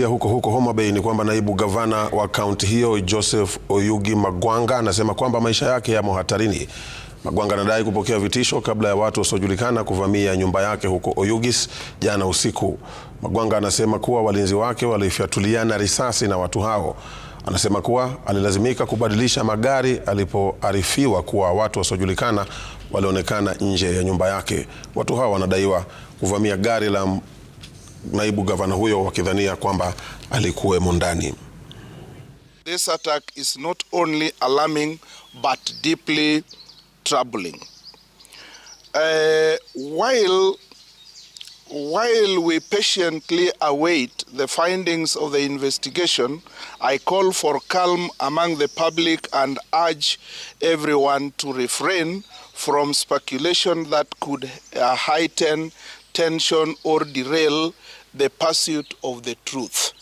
Pia huko huko Homa Bay ni kwamba naibu gavana wa kaunti hiyo Joseph Oyugi Magwanga anasema kwamba maisha yake yamo hatarini. Magwanga anadai kupokea vitisho kabla ya watu wasiojulikana kuvamia nyumba yake huko Oyugis jana usiku. Magwanga anasema kuwa walinzi wake walifyatuliana risasi na watu hao. Anasema kuwa alilazimika kubadilisha magari alipoarifiwa kuwa watu wasiojulikana walionekana nje ya nyumba yake. Watu hao wanadaiwa kuvamia gari la naibu gavana huyo wakidhania kwamba alikuwemo ndani. This attack is not only alarming but deeply troubling. Uh, while While we patiently await the findings of the investigation, I call for calm among the public and urge everyone to refrain from speculation that could uh, heighten tension or derail the pursuit of the truth.